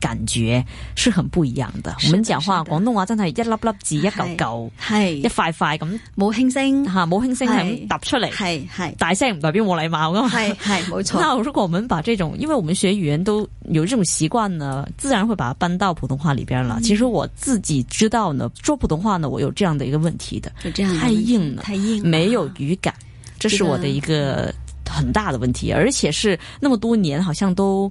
感覺是很不一樣的。的我們講話廣東話真的是一粒粒字一嚿嚿，是，一舊舊，係一塊塊咁，冇輕聲吓，冇輕聲係咁突出來，係係大聲唔代表冇禮貌噶嘛，係係冇錯。那如果我們把這種，因為我們學語言都有這種習慣呢，自然會把它搬到普通話裏邊了、嗯。其實我自己知道呢，說普通話呢，我有這樣的一個問題的，就這樣太硬了太硬，太硬，沒有語感、啊，這是我的一個很大的問題，這個、而且是那麼多年好像都。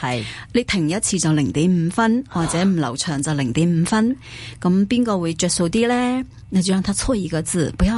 係，你停一次就零點五分，或者唔留長就零點五分，咁邊個會着數啲咧？你就讓他錯二個字，不要。